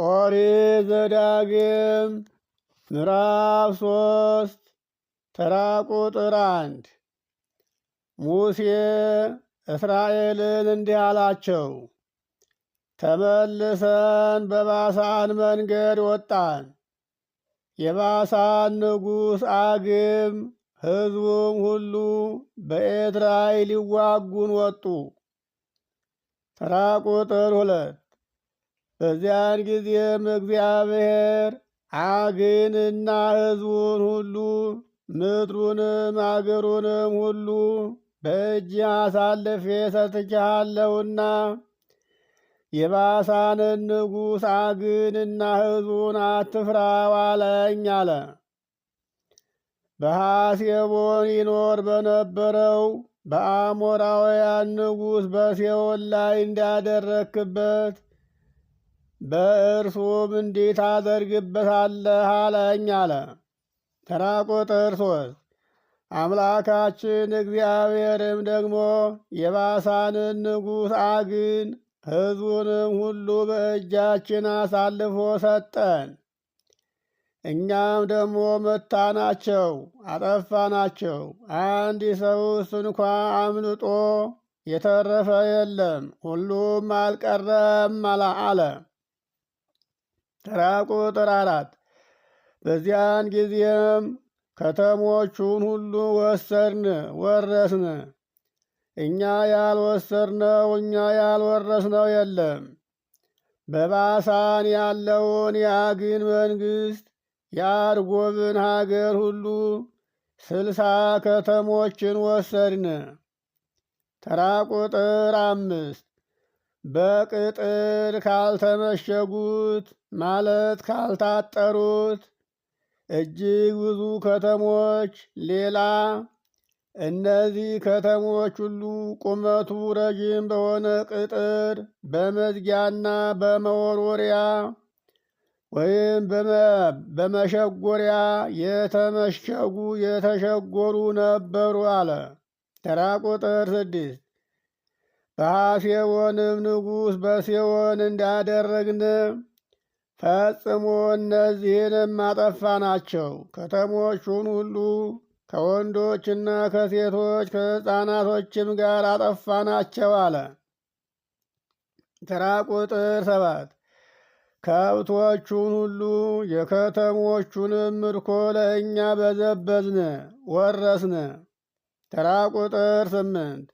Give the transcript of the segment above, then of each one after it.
ኦሪት ዘዳግም ምዕራፍ ሶስት ተራ ቁጥር አንድ ሙሴ እስራኤልን እንዲህ አላቸው፣ ተመልሰን በባሳን መንገድ ወጣን። የባሳን ንጉሥ አግም ሕዝቡም ሁሉ በኤድራይ ሊዋጉን ወጡ። ተራ ቁጥር ሁለት በዚያን ጊዜም እግዚአብሔር አግንና ሕዝቡን ሁሉ ምድሩንም አገሩንም ሁሉ በእጅ አሳልፌ ሰጥቼሃለሁና የባሳንን ንጉሥ አግንና ሕዝቡን አትፍራው አለኝ አለ። በሐሴቦን ይኖር በነበረው በአሞራውያን ንጉሥ በሴዎን ላይ እንዳደረክበት በእርሱም እንዲህ ታደርግበታለህ አለኝ አለ። ተራ ቁጥር ሶስት አምላካችን እግዚአብሔርም ደግሞ የባሳንን ንጉሥ አግን ሕዝቡንም ሁሉ በእጃችን አሳልፎ ሰጠን። እኛም ደግሞ መታናቸው፣ አጠፋናቸው። አንድ ሰውስ እንኳ አምልጦ የተረፈ የለም፣ ሁሉም አልቀረም አለ። ተራ ቁጥር አራት በዚያን ጊዜም ከተሞቹን ሁሉ ወሰድን ወረስን። እኛ ያልወሰድነው እኛ ያልወረስነው የለም። በባሳን ያለውን የአግን መንግሥት የአርጎብን ሀገር ሁሉ ስልሳ ከተሞችን ወሰድን። ተራ ቁጥር አምስት በቅጥር ካልተመሸጉት ማለት ካልታጠሩት እጅግ ብዙ ከተሞች ሌላ እነዚህ ከተሞች ሁሉ ቁመቱ ረዥም በሆነ ቅጥር በመዝጊያና በመወርወሪያ ወይም በመሸጎሪያ የተመሸጉ የተሸጎሩ ነበሩ አለ። ተራ ቁጥር ስድስት ራሴዎንም ንጉሥ በሴዎን እንዳደረግን ፈጽሞ እነዚህንም አጠፋ ናቸው። ከተሞቹን ሁሉ ከወንዶችና ከሴቶች ከሕፃናቶችም ጋር አጠፋ ናቸው አለ። ተራ ቁጥር ሰባት ከብቶቹን ሁሉ የከተሞቹንም ምርኮ ለእኛ በዘበዝነ ወረስነ። ተራ ቁጥር ስምንት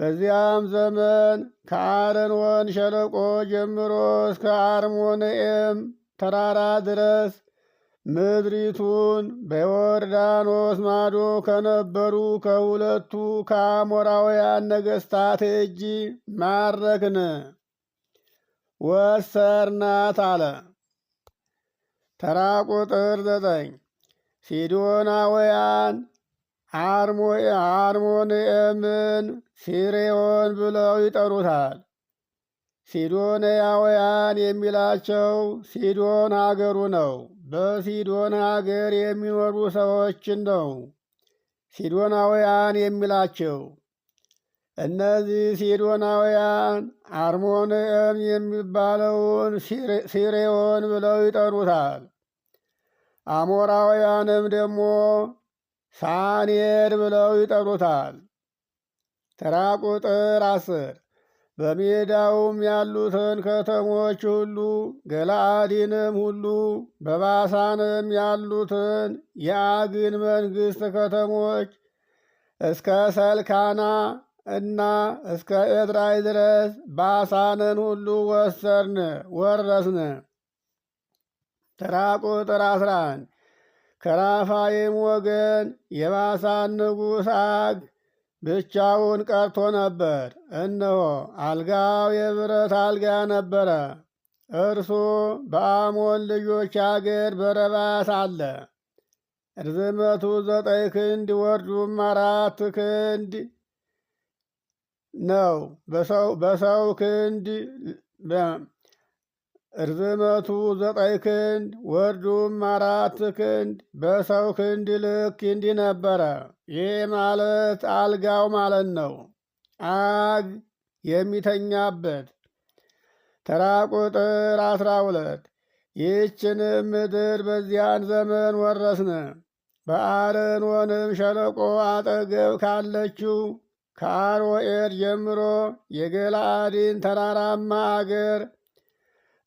በዚያም ዘመን ከአረንወን ሸለቆ ጀምሮ እስከ አርሞንኤም ተራራ ድረስ ምድሪቱን በዮርዳኖስ ማዶ ከነበሩ ከሁለቱ ከአሞራውያን ነገሥታት እጅ ማረክን ወሰርናት አለ። ተራ ቁጥር ዘጠኝ ሲዶናውያን አርሞንኤምን ሲሬዮን ብለው ይጠሩታል። ሲዶንያውያን የሚላቸው ሲዶን ሀገሩ ነው። በሲዶን ሀገር የሚኖሩ ሰዎችን ነው ሲዶናውያን የሚላቸው። እነዚህ ሲዶናውያን አርሞንኤም የሚባለውን ሲሬዮን ብለው ይጠሩታል። አሞራውያንም ደግሞ ሳኔር ብለው ይጠሩታል። ተራ ቁጥር አስር በሜዳውም ያሉትን ከተሞች ሁሉ ገላአዲንም ሁሉ በባሳንም ያሉትን የአግን መንግሥት ከተሞች እስከ ሰልካና እና እስከ ኤድራይ ድረስ ባሳንን ሁሉ ወሰርን ወረስን። ተራ ቁጥር አስራ አንድ ከራፋይም ወገን የባሳን ንጉሥ አግ ብቻውን ቀርቶ ነበር። እነሆ አልጋው የብረት አልጋ ነበረ። እርሱ በአሞን ልጆች አገር በረባት አለ። ርዝመቱ ዘጠኝ ክንድ ወርዱም አራት ክንድ ነው። በሰው ክንድ ርዝመቱ ዘጠኝ ክንድ ወርዱም አራት ክንድ በሰው ክንድ ልክ እንዲህ ነበረ። ይህ ማለት አልጋው ማለት ነው። አግ የሚተኛበት ተራ ቁጥር አስራ ሁለት ይህችንም ምድር በዚያን ዘመን ወረስን። ወንም ሸለቆ አጠገብ ካለችው ከአሮኤር ጀምሮ የገላአዲን ተራራማ አገር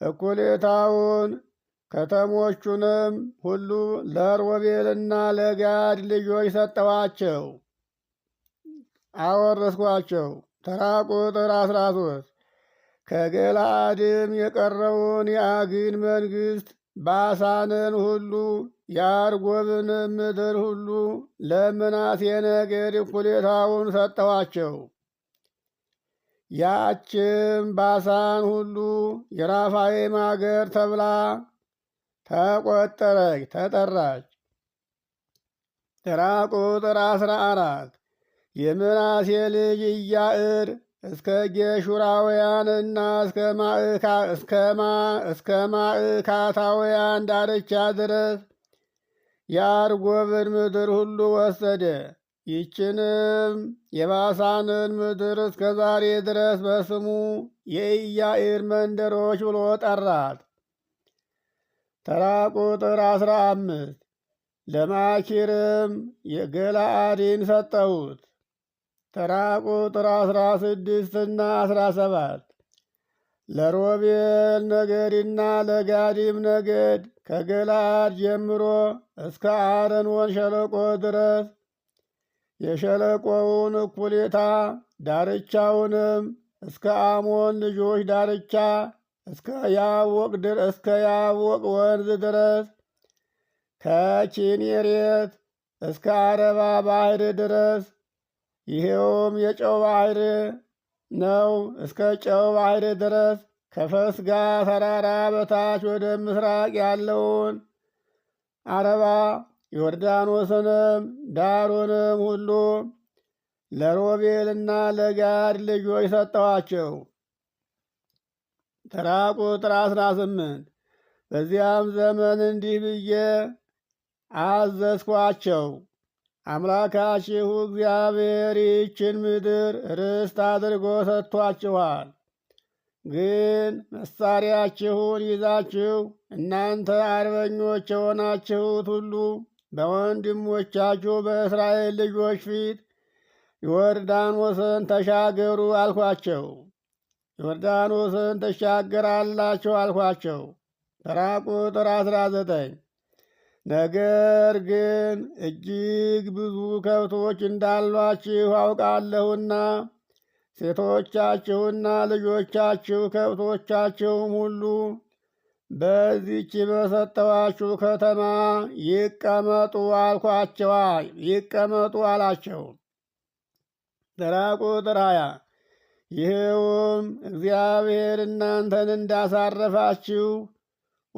እኩሌታውን ከተሞቹንም ሁሉ ለሮቤልና ለጋድ ልጆች ሰጠዋቸው አወረስኳቸው። ተራ ቁጥር አስራ ሶስት ከገላአድም የቀረውን የአግን መንግስት ባሳንን ሁሉ የአርጎብን ምድር ሁሉ ለምናሴ ነገድ እኩሌታውን ሰጠዋቸው። ያችም ባሳን ሁሉ የራፋይም አገር ተብላ ተቆጠረች ተጠራች። ተራ ቁጥር አስራ አራት የምናሴ ልጅ ኢያእር እስከ ጌሹራውያን እና እስከ ማዕካታውያን ዳርቻ ድረስ የአርጎብን ምድር ሁሉ ወሰደ። ይችንም የባሳንን ምድር እስከ ዛሬ ድረስ በስሙ የኢያኢር መንደሮች ብሎ ጠራት። ተራ ቁጥር አስራ አምስት ለማኪርም የገላአዲን ሰጠውት። ተራ ቁጥር አስራ ስድስትና አስራ ሰባት ለሮቤል ነገድና ለጋዲም ነገድ ከገላአድ ጀምሮ እስከ አረንወን ሸለቆ ድረስ የሸለቆውን እኩሌታ ዳርቻውንም እስከ አሞን ልጆች ዳርቻ እስከ ያቦቅ እስከ ያቦቅ ወንዝ ድረስ ከኪኔሬት እስከ አረባ ባህር ድረስ ይሄውም የጨው ባህር ነው። እስከ ጨው ባህር ድረስ ከፈስጋ ተራራ በታች ወደ ምስራቅ ያለውን አረባ ዮርዳኖስንም ዳሩንም ሁሉ ለሮቤልና ለጋድ ልጆች ሰጠዋቸው። ተራ ቁጥር አስራ ስምንት በዚያም ዘመን እንዲህ ብዬ አዘዝኳቸው፣ አምላካችሁ እግዚአብሔር ይችን ምድር ርስት አድርጎ ሰጥቷችኋል። ግን መሳሪያችሁን ይዛችሁ እናንተ አርበኞች የሆናችሁት ሁሉ በወንድሞቻችሁ በእስራኤል ልጆች ፊት ዮርዳኖስን ተሻገሩ አልኳቸው። ዮርዳኖስን ትሻገራላችሁ አልኳቸው። ተራ ቁጥር አስራ ዘጠኝ ነገር ግን እጅግ ብዙ ከብቶች እንዳሏችሁ አውቃለሁና ሴቶቻችሁና ልጆቻችሁ ከብቶቻችሁም ሁሉ በዚች በሰጠኋችሁ ከተማ ይቀመጡ አልኳቸዋ ይቀመጡ አላቸው። ተራ ቁጥር ይህውም እግዚአብሔር እናንተን እንዳሳረፋችሁ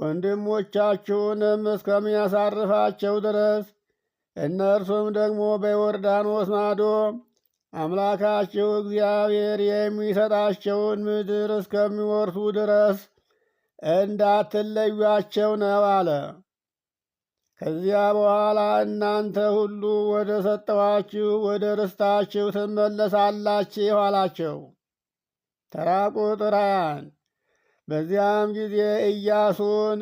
ወንድሞቻችሁንም እስከሚያሳርፋቸው ድረስ እነርሱም ደግሞ በዮርዳኖስ ማዶ አምላካችሁ እግዚአብሔር የሚሰጣቸውን ምድር እስከሚወርሱ ድረስ እንዳትለዩአቸው ነው አለ። ከዚያ በኋላ እናንተ ሁሉ ወደ ሰጠኋችሁ ወደ ርስታችሁ ትመለሳላችሁ አላቸው። ተራ ቁጥር በዚያም ጊዜ ኢያሱን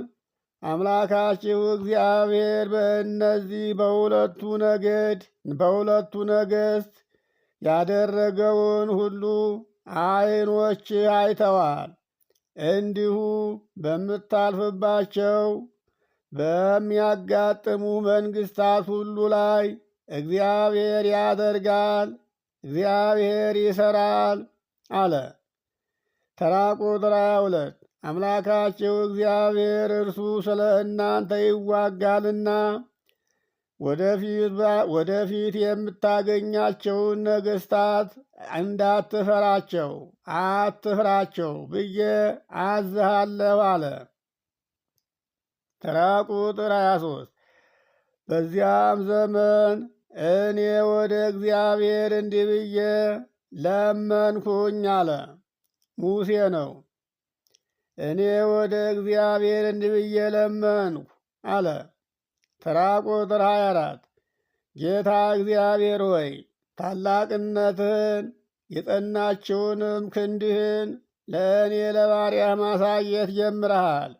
አምላካችሁ እግዚአብሔር በእነዚህ በሁለቱ ነገድ በሁለቱ ነገሥት ያደረገውን ሁሉ አይኖች አይተዋል እንዲሁ በምታልፍባቸው በሚያጋጥሙ መንግስታት ሁሉ ላይ እግዚአብሔር ያደርጋል፣ እግዚአብሔር ይሰራል አለ። ተራ ቁጥር ሁለት አምላካቸው እግዚአብሔር እርሱ ስለ እናንተ ይዋጋልና ወደፊት የምታገኛቸውን ነገሥታት እንዳትፈራቸው አትፍራቸው ብዬ አዝሃለሁ አለ። ተራ ቁጥር 23 በዚያም ዘመን እኔ ወደ እግዚአብሔር እንዲህ ብዬ ለመንኩኝ አለ። ሙሴ ነው። እኔ ወደ እግዚአብሔር እንዲህ ብዬ ለመንኩ አለ ተራ ቁጥር 24 ጌታ እግዚአብሔር ሆይ ታላቅነትን የጠናችውንም ክንድህን ለእኔ ለባሪያህ ማሳየት ጀምረሃል።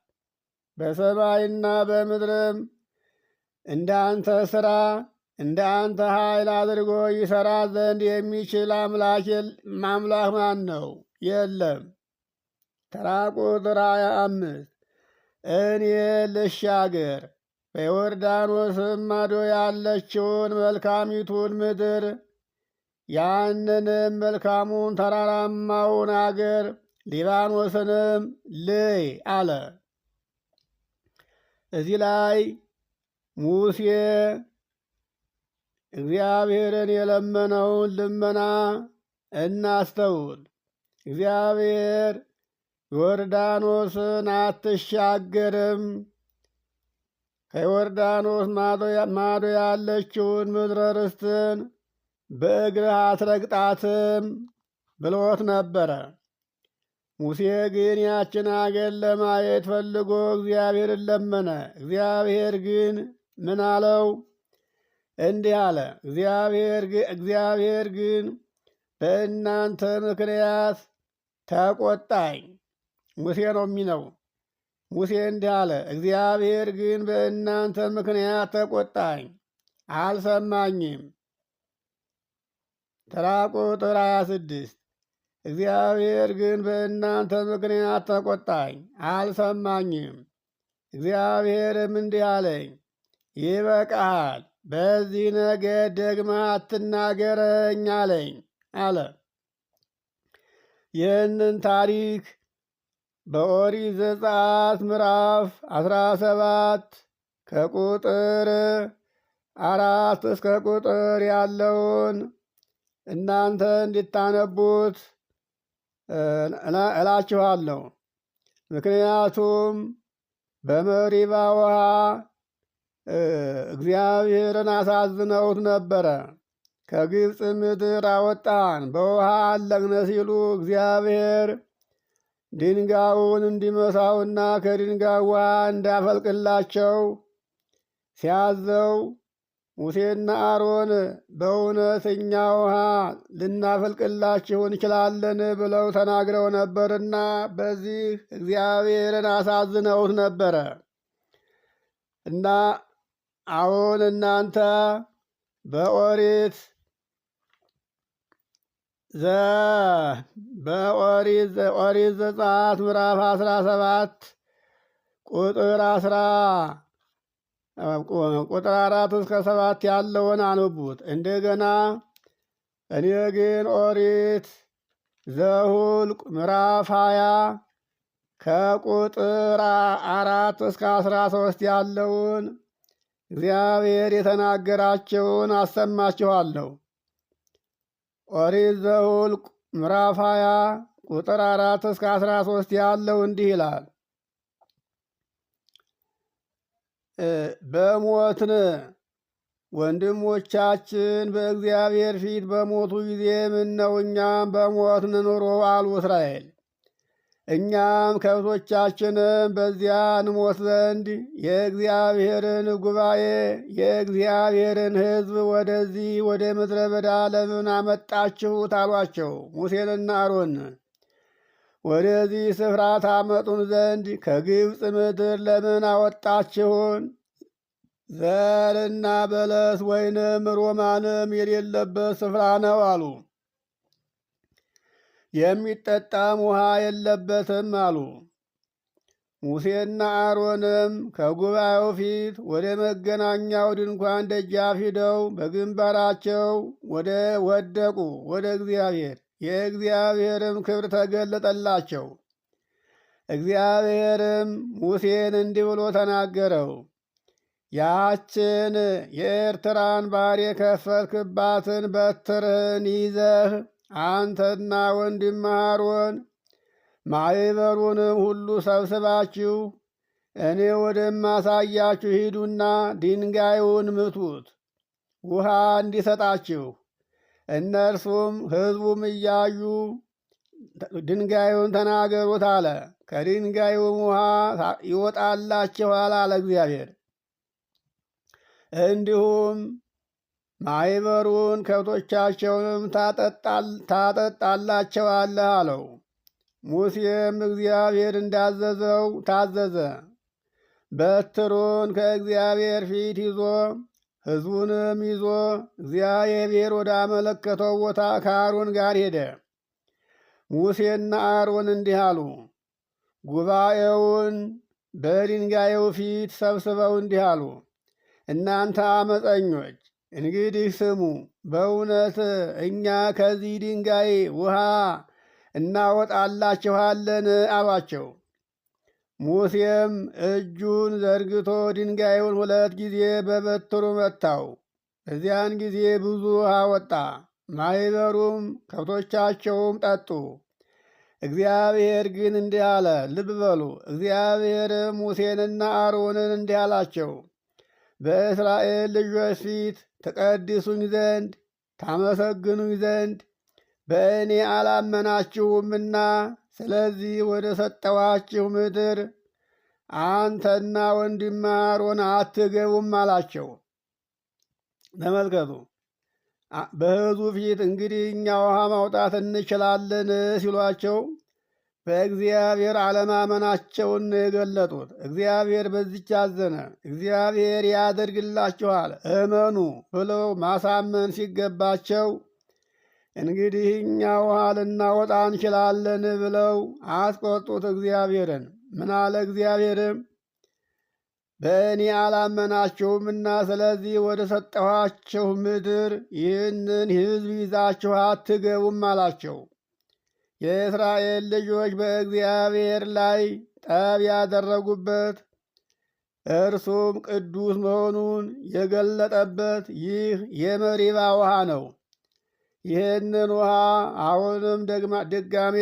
በሰማይና በምድርም እንደ አንተ ሥራ እንደ አንተ ኃይል አድርጎ ይሠራ ዘንድ የሚችል አምላክ ማምላክ ማን ነው? የለም። ተራ ቁጥር ሃያ አምስት እኔ ልሻገር በዮርዳኖስም ማዶ ያለችውን መልካሚቱን ምድር ያንንም መልካሙን ተራራማውን አገር ሊባኖስንም ልይ አለ። እዚህ ላይ ሙሴ እግዚአብሔርን የለመነውን ልመና እናስተውል። እግዚአብሔር ዮርዳኖስን አትሻገርም ከዮርዳኖስ ማዶ ያለችውን ምድረ ርስትን በእግርህ አትረግጣትም ብሎት ነበረ። ሙሴ ግን ያችን አገር ለማየት ፈልጎ እግዚአብሔርን ለመነ። እግዚአብሔር ግን ምን አለው? እንዲህ አለ። እግዚአብሔር ግን በእናንተ ምክንያት ተቆጣኝ። ሙሴ ነው የሚነው ሙሴ እንዲህ አለ፣ እግዚአብሔር ግን በእናንተ ምክንያት ተቆጣኝ፣ አልሰማኝም። ተራ ቁጥር 26 ስድስት እግዚአብሔር ግን በእናንተ ምክንያት ተቆጣኝ፣ አልሰማኝም። እግዚአብሔርም እንዲህ አለኝ፣ ይበቃሃል፣ በዚህ ነገ ደግማ አትናገረኝ አለኝ አለ። ይህንን ታሪክ በኦሪት ዘጸአት ምዕራፍ አስራ ሰባት ከቁጥር አራት እስከ ቁጥር ያለውን እናንተ እንዲታነቡት እላችኋለሁ። ምክንያቱም በመሪባ ውሃ እግዚአብሔርን አሳዝነውት ነበረ። ከግብፅ ምድር አወጣን በውሃ አለቅነ ሲሉ እግዚአብሔር ድንጋዩን እንዲመሳውና ከድንጋዋ እንዳፈልቅላቸው ሲያዘው ሙሴና አሮን በእውነት እኛ ውሃ ልናፈልቅላችሁ እንችላለን ብለው ተናግረው ነበርና በዚህ እግዚአብሔርን አሳዝነውት ነበረ እና አሁን እናንተ በኦሪት ዘ በኦሪት ዘጸአት ምዕራፍ አስራ ሰባት ቁጥር አስራ ቁጥር አራት እስከ ሰባት ያለውን አንብቡት። እንደገና እኔ ግን ኦሪት ዘሁልቅ ምዕራፍ ሀያ ከቁጥር አራት እስከ አስራ ሶስት ያለውን እግዚአብሔር የተናገራቸውን አሰማችኋለሁ። ኦሪት ዘኍልቍ ምዕራፍ 20 ቁጥር 4 እስከ 13 ያለው እንዲህ ይላል። በሞትን ወንድሞቻችን በእግዚአብሔር ፊት በሞቱ ጊዜ ምነው እኛም በሞትን ኑሮ አሉ እስራኤል። እኛም ከብቶቻችንም በዚያ እንሞት ዘንድ የእግዚአብሔርን ጉባኤ የእግዚአብሔርን ሕዝብ ወደዚህ ወደ ምድረ በዳ ለምን አመጣችሁት? አሏቸው። ሙሴንና አሮን ወደዚህ ስፍራ ታመጡን ዘንድ ከግብፅ ምድር ለምን አወጣችሁን? ዘርና በለስ ወይንም ሮማንም የሌለበት ስፍራ ነው አሉ። የሚጠጣም ውሃ የለበትም አሉ። ሙሴና አሮንም ከጉባኤው ፊት ወደ መገናኛው ድንኳን ደጃፍ ሂደው በግንባራቸው ወደ ወደቁ ወደ እግዚአብሔር። የእግዚአብሔርም ክብር ተገለጠላቸው። እግዚአብሔርም ሙሴን እንዲህ ብሎ ተናገረው። ያችን የኤርትራን ባሕር የከፈልክባትን በትርህን ይዘህ አንተና ወንድም አሮን ማይበሩንም ሁሉ ሰብስባችሁ እኔ ወደማሳያችሁ ሂዱና ድንጋዩን ምቱት፣ ውሃ እንዲሰጣችሁ። እነርሱም ሕዝቡም እያዩ ድንጋዩን ተናገሩት አለ። ከድንጋዩም ውሃ ይወጣላችኋል አለ እግዚአብሔር። እንዲሁም ማይበሩን ከብቶቻቸውንም ታጠጣላቸዋለህ አለው። ሙሴም እግዚአብሔር እንዳዘዘው ታዘዘ። በትሩን ከእግዚአብሔር ፊት ይዞ ሕዝቡንም ይዞ እግዚአብሔር ወደ አመለከተው ቦታ ከአሮን ጋር ሄደ። ሙሴና አሮን እንዲህ አሉ። ጉባኤውን በድንጋዩ ፊት ሰብስበው እንዲህ አሉ። እናንተ አመፀኞች እንግዲህ ስሙ፣ በእውነት እኛ ከዚህ ድንጋይ ውሃ እናወጣላችኋለን አሏቸው። ሙሴም እጁን ዘርግቶ ድንጋዩን ሁለት ጊዜ በበትሩ መታው። በዚያን ጊዜ ብዙ ውሃ ወጣ። ማይበሩም ከብቶቻቸውም ጠጡ። እግዚአብሔር ግን እንዲህ አለ። ልብ በሉ። እግዚአብሔርም ሙሴንና አሮንን እንዲህ አላቸው፣ በእስራኤል ልጆች ፊት ትቀድሱኝ ዘንድ ታመሰግኑኝ ዘንድ በእኔ አላመናችሁምና ስለዚህ ወደ ሰጠዋችሁ ምድር አንተና ወንድማ አሮን አትገቡም አላቸው። ተመልከቱ። በሕዝቡ ፊት እንግዲህ እኛ ውሃ ማውጣት እንችላለን ሲሏቸው በእግዚአብሔር አለማመናቸውን የገለጡት። እግዚአብሔር በዚች አዘነ። እግዚአብሔር ያደርግላችኋል እመኑ ብለው ማሳመን ሲገባቸው እንግዲህ እኛ ውሃ ልናወጣ እንችላለን ብለው አስቆጡት እግዚአብሔርን። ምን አለ እግዚአብሔርም? በእኔ አላመናችሁምና ስለዚህ ወደ ሰጠኋችሁ ምድር ይህንን ሕዝብ ይዛችሁ አትገቡም አላቸው። የእስራኤል ልጆች በእግዚአብሔር ላይ ጠብ ያደረጉበት እርሱም ቅዱስ መሆኑን የገለጠበት ይህ የመሪባ ውሃ ነው። ይህንን ውሃ አሁንም ድጋሜ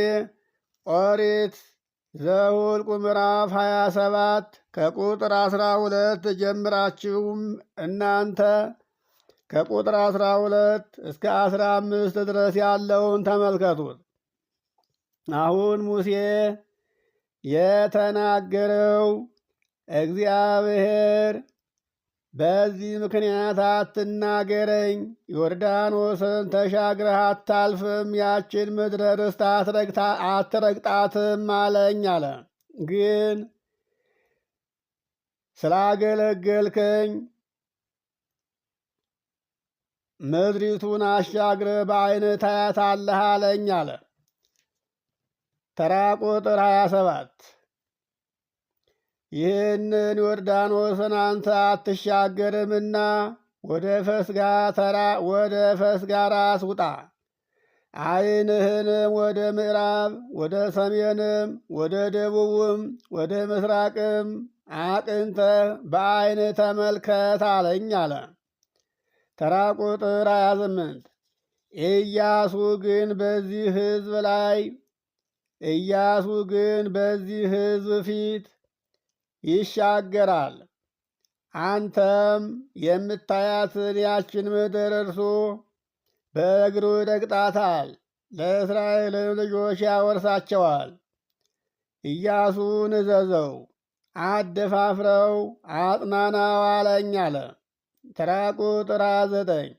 ኦሪት ዘኍልቍ ምዕራፍ 27 ከቁጥር 12 ጀምራችሁም እናንተ ከቁጥር 12 እስከ 15 ድረስ ያለውን ተመልከቱት። አሁን ሙሴ የተናገረው እግዚአብሔር በዚህ ምክንያት አትናገረኝ፣ ዮርዳኖስን ተሻግረህ አታልፍም፣ ያችን ምድረ ርስት አትረግጣትም አለኝ አለ። ግን ስላገለገልከኝ ምድሪቱን አሻግረህ በዓይነት ታያታለህ አለኝ አለ። ተራ ቁጥር 27 ይህንን ዮርዳኖስን አንተ አትሻገርምና ወደ ፈስጋ ተራ ወደ ፈስጋ ራስ ውጣ። ዓይንህንም ወደ ምዕራብ ወደ ሰሜንም ወደ ደቡብም ወደ ምስራቅም አቅንተህ በዓይን ተመልከት አለኝ አለ። ተራ ቁጥር 28 ኢያሱ ግን በዚህ ሕዝብ ላይ ኢያሱ ግን በዚህ ሕዝብ ፊት ይሻገራል። አንተም የምታያትን ያችን ምድር እርሱ በእግሩ ይረግጣታል፣ ለእስራኤልም ልጆች ያወርሳቸዋል። ኢያሱን እዘዘው፣ አደፋፍረው፣ አጽናናው አለኝ አለ። ተራ ቁጥር ዘጠኝ